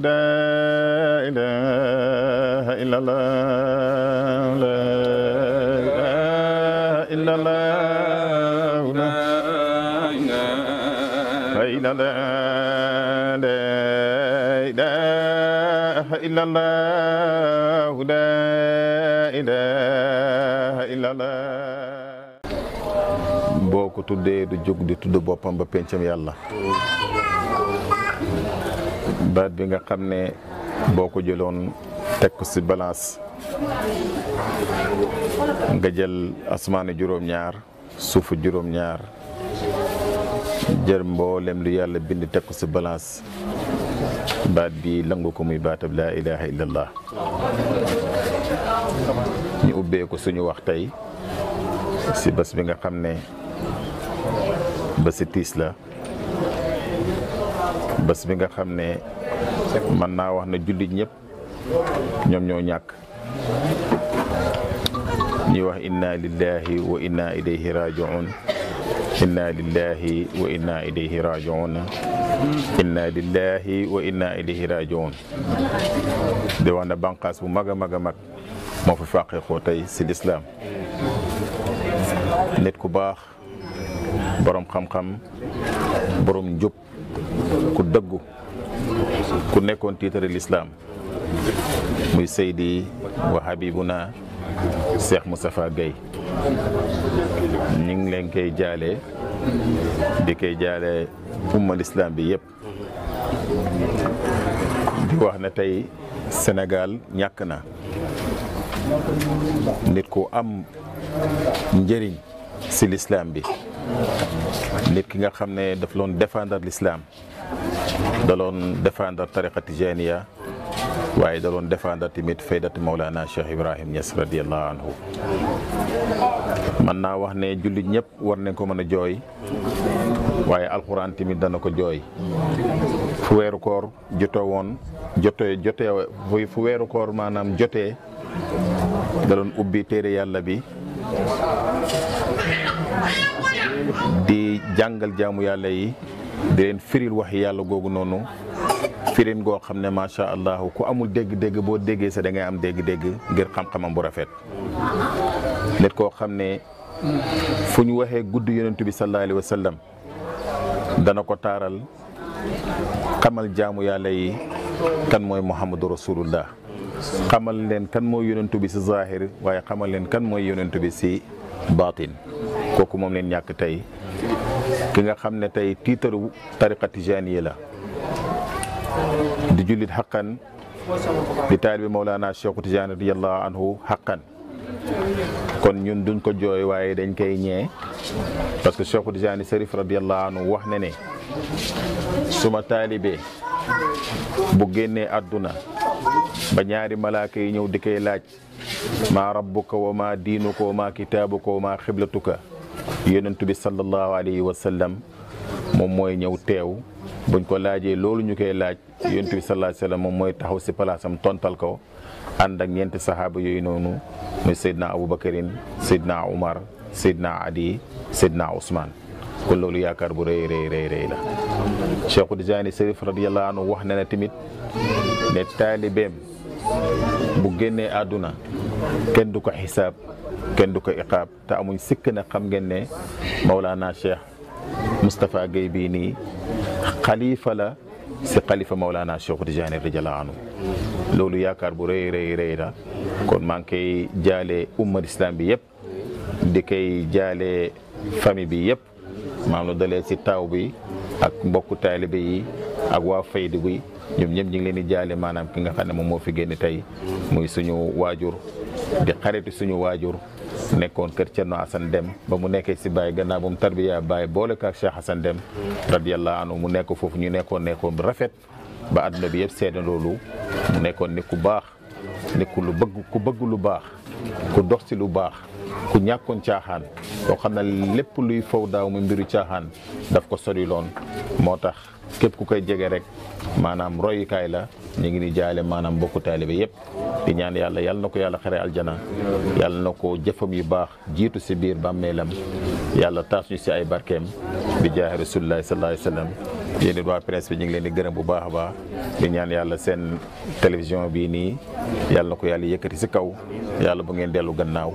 لا إله إلا الله لا إله إلا الله لا إله إلا الله لا إله إلا الله لا إله إلا الله boo ko tuddee du jóg di tudd boppam ba pencam yàlla baat bi nga xam ne boo ko jëloon teg ko ci balance nga jël asmaanu juróom-ñaar suufu juróom-ñaar jël mboolem lu yàlla bind teg ko ci balance baat bi langu ko muy baatab laa ilaha illallah ñu ubbee ko suñu wax tey ci bés bi nga xam ne bési tiis la bés bi nga xam ne mën naa wax na jullit ñëpp ñoom ñoo ñàkk ñuy wax inna lillahi wa inna ilayhi rajiun inna lillahi wa inna ilayhi rajiun inna lillahi di wax ne bànqaas bu mag a mag a mag moo fi fàqeekoo tey si lislaam nit ku baax borom xam-xam borom njub ku dëggu ku nekkoon tiitari lislaam muy Seydi wa Habibuna Cheikh Moustapha Gueye ñu ngi leen koy jaale di koy jaale umma lislaam bi yëpp di wax ne tey senegal ñàkk na nit ku am njëriñ si lislaam bi nit ki nga xam ne daf loon défendre lislaam daloon doon défendre tariqa tijaniya waaye daloon doon défendre tamit Mawlana Cheikh Ibrahim Niass radiallahu anhu mën naa wax ne jullit ñëpp war nañ ko mën a jooy waaye alxuraan tamit dana ko jooy fu weeru koor woon jotee jotee fu weeru koor maanaam jotee da doon ubbi téere yàlla bi di jàngal jaamu yàlla yi di leen firil wax yàlla googu noonu firin goo xam ne macha allah ku amul dégg-dégg boo déggee sa dangay am dégg-dégg ngir xam-xamam bu rafet nit koo xam ne fu ñu waxee gudd yonentu bi sallallahu alayhi dana ko taaral xamal jaamu yàlla yi kan mooy muhammadu rasulullah xamal leen kan mooy yonentu bi si zahir waaye xamal leen kan mooy yonentu bi si baatin kooku moom leen ñàkk tey ki nga xam ne tey tiitaru tariqa tijaaniya la di jullit xaqan di taalibi Mawlana Cheikh Tijaani radiyallahu anhu xaqan kon ñun duñ ko jooy waaye dañ koy ñee parce que Cheikh Tijaani Serif radiyallahu anhu wax na ne suma taalibe bu génnee àdduna ba ñaari malaaka yi ñëw di koy laaj maa rabbuka wa maa diinuka wa maa kitaabuka wa maa xiblatuka yonent bi sallallahu alayhi wa sallam moom mooy ñëw teew buñ ko laajee loolu ñu koy laaj yonent bi sallallahu alayhi moom mooy taxaw si palaasam tontal ko ànd ak ñeenti saxaaba yooyu noonu muy Seydina Aboubacarin Seydina Umar Seydina Adi Seydina Ousmane kon loolu yaakaar bu rëy rëy rëy rëy la Cheikhu Tijaani Sërif radiyallahu anhu wax na ne tamit ne taalibeem bu génnee àdduna kenn du ko xisaab kenn du ko iqaab te amuñ sikk na xam ngeen ne Maulana Cheikh Moustapha Guèye bii nii xalifa la si xalifa Maulana Cheikh Tijaani radiyallaahu anhu loolu yaakaar bu rëy rëy rëy na kon maa ngi koy jaale ummat islam bi yëpp di koy jaale famille bi yëpp maam lu dalee si taaw bi ak mbokku taalibe yi ak waa faydu bi ñoom ñëpp ñu ngi leen di jaale maanaam ki nga xam ne moom moo fi génn tey muy suñu waajur di xaritu suñu waajur nekkoon kër Cerno Assane Dem ba mu nekkee si Baye gannaaw moom tarbiya Baye boole ko ak Cheikh Assane Dem radiyallahu anhu mu nekk foofu ñu nekkoon nekkoon bu rafet ba àdduna bi yëpp seede loolu mu nekkoon nit ku baax nit lu bëgg ku bëgg lu baax ku dox si lu baax ku ñàkkoon caaxaan koo xam ne lépp luy faw daaw mu mbiru caaxaan daf ko sori moo tax képp ku koy jege rek maanaam royukaay la ñu ngi ni jaale maanaam bokku taalibe yëpp di ñaan yàlla yàlla na ko yàlla xare aljana yàlla na ko jëfam yu baax jiitu si biir bàmmeelam yàlla taas ñu si ay barkeem bi jaahi rasulillahi sallallahu alayhi wa sallam yéen it waa presse bi ñu ngi leen di gërëm bu baax a baax di ñaan yàlla seen télévision bii nii yàlla na ko yàlla yëkkati si kaw yàlla bu ngeen dellu gannaaw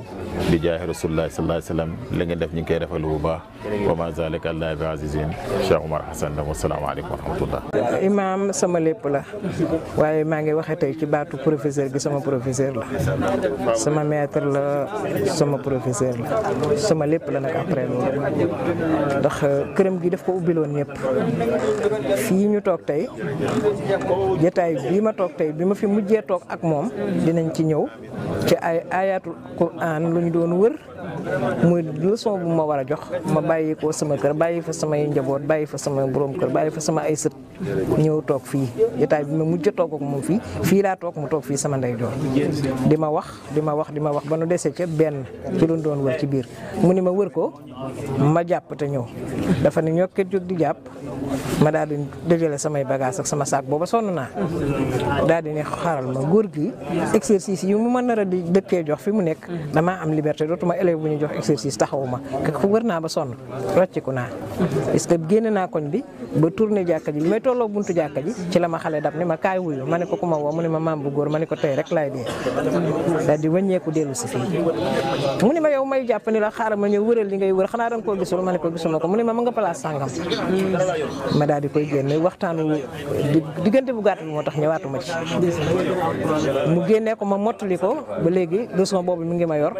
bi jaahi rasulullah sallallahu alayhi wasallam li ngeen def ñu koy defalu bu baax wa ma zalika allah bi azizin Cheikh Omar Hassan la wassalaamu sama lépp la waaye maa ngi waxe tey ci baatu profeseur gi sama professeur la sama maître la sama professeur la sama lépp la ndax këram gi def ko ubbiloon ñëpp fii ñu toog tey jataay bii ma toog tey bi ma fi mujjee toog ak moom dinañ ci ñëw ci ay ayatul quran ñu doon wër muy leçon bu ma war a jox ma bàyyi ko sama bàyyi fa samay njaboot bàyyi fa sama borom kër bàyyi fa sama ay sët ñëw toog fii jotaay bi ma mujj a toog ak fii laa toog mu toog fii sama ndeyjoor di ma wax di ma wax di ma wax ba nu dese benn ci lu doon ci biir mu ni ma wër ko ma jàpp te ñëw dafa ne ñokket jóg di jàpp ma daal di dajale samay bagage ak sama saak booba sonn naa daal di ne xaaral ma góor gi exercice yi mu mën nar a dëkkee jox fi mu nekk damaa am liberté dootuma heure bu ñu jox exercice taxawuma kooku wër naa ba sonn rocciku naa. parce que génn naa koñ bi ba tourné jàkka ji bi may tolloo buntu jàkka ji ci la ma xale dab ni ma kaay wuyu ma ko ku ma woo mu ne ma maam bu góor ma ne ko tey rek laay dee daal ne ma yow may jàpp ni la xaaral ma ñëw wëral li ngay wër xanaa da nga koo gisul ma ne ko gisuma ko mu ma ma nga place sàngam. ma daal di koy génne waxtaan diggante bu gàtt moo tax ñëwaatuma ci. mu génnee ko ma mottali ko ba léegi leçon boobu mi ngi ma yor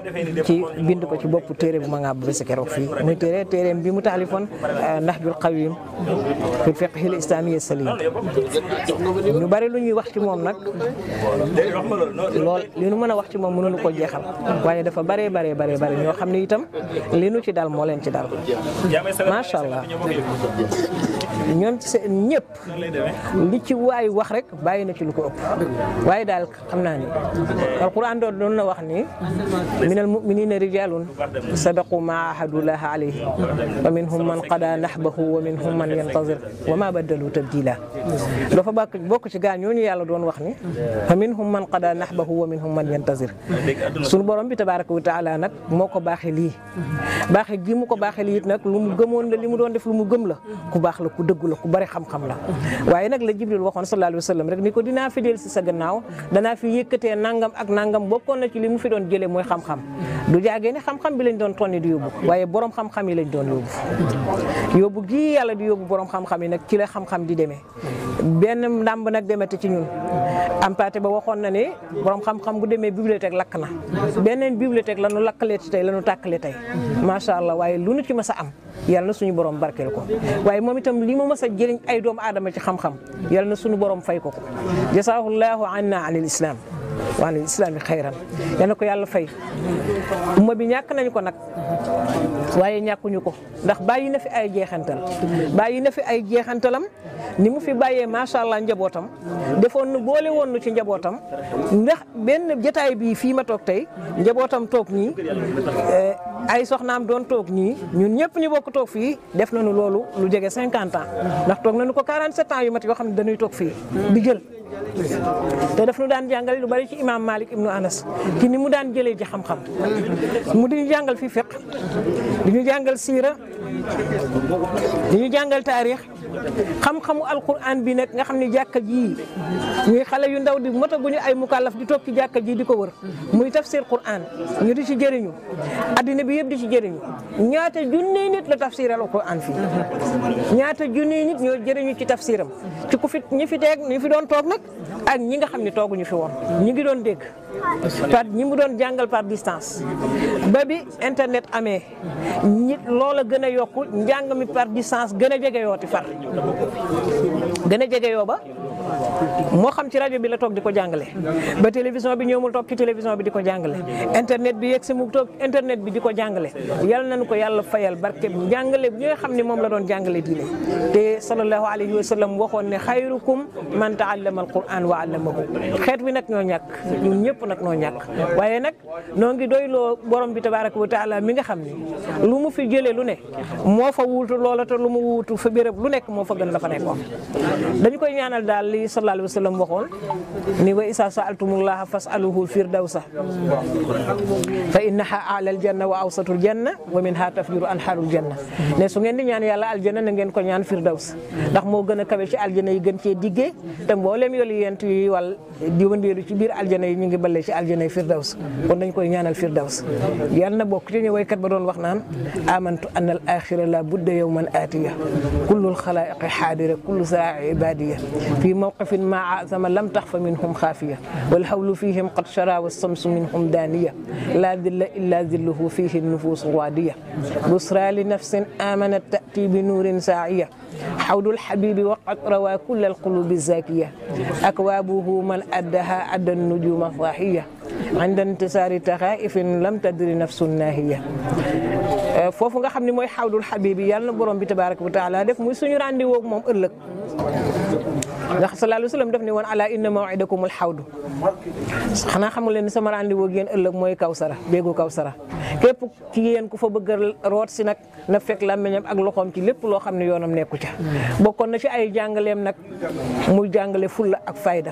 ci bind bind ko ci bopp téere bu ma ngaa bu bési keroog fii muy téere téereem bi mu taalifoon euh, Nahjul Qawim fi fiqhil islamiyyi salim ñu bari lu ñuy wax ci moom nag lool li nu mën a wax ci moom mënuñu ko jeexal waaye dafa baree baree baree bare ñoo xam ne itam li nu ci dal moo leen ci dal macha allah ñoom ci seen ñëpp li ci waay wax rek bàyyi na ci lu ko ëpp waaye daal xam naa ni alquran doon doon na wax ni minal muminina rijalun sadaqu ma ahadullah alayhi wa minhum man qada nahbahu wa minhum man yantazir wa ma baddalu tabdila dafa bàkk bokk ci gaa ñooñu yàlla doon wax ni fa minhum man qada nahbahu wa minhum man yantazir sunu borom bi tabaraka wa taala nag moo ko baaxe lii baaxe gi mu ko baaxe lii it nag lu mu la li mu doon def lu mu gëm la ku baax la ku dëggu la ku bari xam-xam la waaye nag la jibril waxoon sallallahu alayhi wa rek ni ko dinaa fi del si sa gannaaw danaa fi yëkkatee nangam ak nangam bokkoon na ci li mu fi doon jëlee mooy xam-xam du ne xam-xam bi lañ doon tonni di yóbbu waaye borom xam yi lañ doon yóbbu yóbbu gii yàlla di yóbbu borom xam-xam yi nag ci la xam-xam di demee benn ndàmb nag demete ci ñun am ba waxoon na ne borom xam bu demee bibliothèque lakk na beneen bibliothèque la nu lakkalee tey la nu tàkkalee tey macha allah waaye lu nu ci mës a am yal na suñu borom barkeel ko waaye moom itam lii ma mas a jëriñ ay doomu aadama ci xam-xam yal na suñu boroom fay ko ko jasaahullahu anna anil islam wa anil islami ko yàlla fay umma bi ñàkk nañ ko nag waaye ñàkkuñu ko ndax bàyyi na fi ay jeexantal bàyyi na fi ay jeexantalam ni mu fi bàyyee macha allah njabootam defoon nu boole woon nu ci njabootam ndax benn jataay bii fii ma toog tey njabootam toog ñii eh, ay soxnaam doon toog ñii ñun ñëpp ñu bokk toog fii def na nañu loolu lu jege cinquante ans ndax toog na nañu ko quarante sept ans yu mat yoo xam ne dañuy toog fii di jël te def nu daan jàngale lu bari ci imam Malik ibnu Anas ci ni mu daan jëlee ji xam-xam mu di jàngal fii fiq di ñu jàngal siira di ñu jàngal taarix xam-xamu alquran bi nag nga xam ne jàkka ji ñuy xale yu ndaw di motaguñu ay mukallaf di toog ci jàkka jii di ko wër muy tafsir quran ñu di ci jëriñu addina bi yëpp di ci jëriñu ñaata junniy nit la tafsir alquran fii ñaata junniy nit ñoo jëriñu ci tafsiram ci ku fi ñi fi teeg ñi fi doon toog nag ak ñi nga xam ne tooguñu fi woon ñu ngi doon dégg par ñi mu doon jàngal par distance ba bi internet amee ñi loola gën a yokku njàng par distance gën a jege yooti far gën a jege yoo moo xam ci rajo bi la toog di ko jàngale ba télévision bi ñëw mu toog ci télévision bi di ko jàngale internet bi yegg si mu toog internet bi di ko jàngale yal nañu ko yàlla fayal barke bi jàngale bi nga xam ne moom la doon jàngale diine te sallallahu alayhi wa sallam waxoon ne xayrukum man taallama alquran wa allamahu xeet wi nag ñoo ñàkk ñëpp nag ñoo ñàkk waaye nag noo ngi doyloo borom bi tabaraka wa taala mi nga xam ne lu mu fi jëlee lu ne moo fa wuutu loola te lu mu wuutu fa béréb lu nekk moo fa gën la fa nekkoon li sallallahu alayhi wa sallam waxoon ni wa isa saaltumullaha fasaluhu firdawsa fa innaha alal janna wa awsatul janna wa minha tafjuru anharul janna ne su ngeen di ñaan yàlla aljanna na ngeen ko ñaan firdaws ndax moo gën a kawe ci aljana yi gën cee diggee te mboolem yoolu yent yi wal di wëndeelu ci biir aljana yi ñu ngi balee ci aljana yi firdaws kon dañ koy ñaanal firdaws yàlla na bokk ci ñu ba doon wax naan amantu anna al axira la budda yawman aatiya kullul xalaiqi xaadira kullu saa ibadiya mawqifin ma azama lam tax fa minhum xaafiya walhawlu fihim qad shara walsamsu minhum daaniya laa dilla illa dilluhu fihi nufuusu raadiya busra li nafsin amanat tati bi nuurin saaiya حوض الحبيب وقد روى كل القلوب الزاكية أكوابه من أدها أدى النجوم الضاحية عند انتصار تخائف لم تدري نفس ناهية foofu nga xam ne mooy xawdul xabiib yi yàlla na borom bi tabaaraka wa taala def muy suñu rendez-vous moom ëllëg ndax sallallahu alayhi wa sallam daf ne woon ala inna mawidakumul xawdu xanaa xamul leen ni sama rendez-vous yéen ëllëg mooy kawsara béegu kawsara képp ci yéen ku fa bëgg root si nag na fekk làmmiñam ak loxoom ci lépp loo xam ne yoonam nekku ca bokkon na ci ay jàngaleem nag mu jàngale fulla ak fayda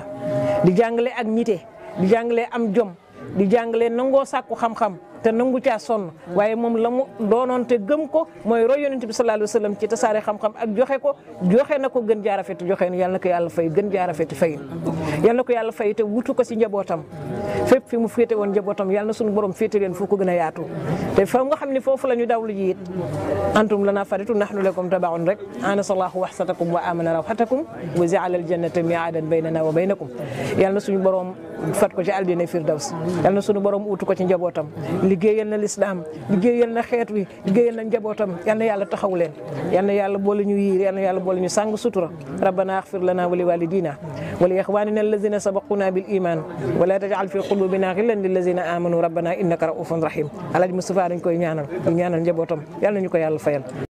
di jàngale ak ñite di jàngale am jom di jàngale nangoo sàkku xam-xam te nangu caa sonn waaye moom la mu doonoon te gëm ko mooy roy yonent bi sallallahu alayhi wa sallam ci tasaare xam-xam ak joxe ko joxe na ko gën jaarafeti joxe na yàlla na ko yàlla fay gën jaarafeti fay yàlla ko yàlla fay te wutu ko si njabootam fépp fi mu féete woon njabootam yàlla na suñu borom féete leen fu ko gën a yaatu te fa nga xam ne foofu la ñu dawlu ji it antum lana faritu nahnu lakum tabaun rek anasallahu waxsatakum wa amana a wa jaala aljannata miadan baynana wa baynakum yàlla na suñu borom fat ko ci aldina firdaws yàlla na suñu borom utu ko ci njabootam liggéeyal na lislaam liggéeyal na xeet wi liggéeyal na njabootam yal na yàlla taxaw leen yal na yàlla boole ñu yiir yal na yàlla bool ñu sàng sutura rabbana axfir lana wa li walidina wa li ixwanina allazina sabaquna bil iman wa la tajal fi qulubina xillan lillazina amanu rabbana innaka raufun rahim alaaj Moustapha dañ koy ñaanal ñu ñaanal njabootam yal na ñu ko yàlla fayal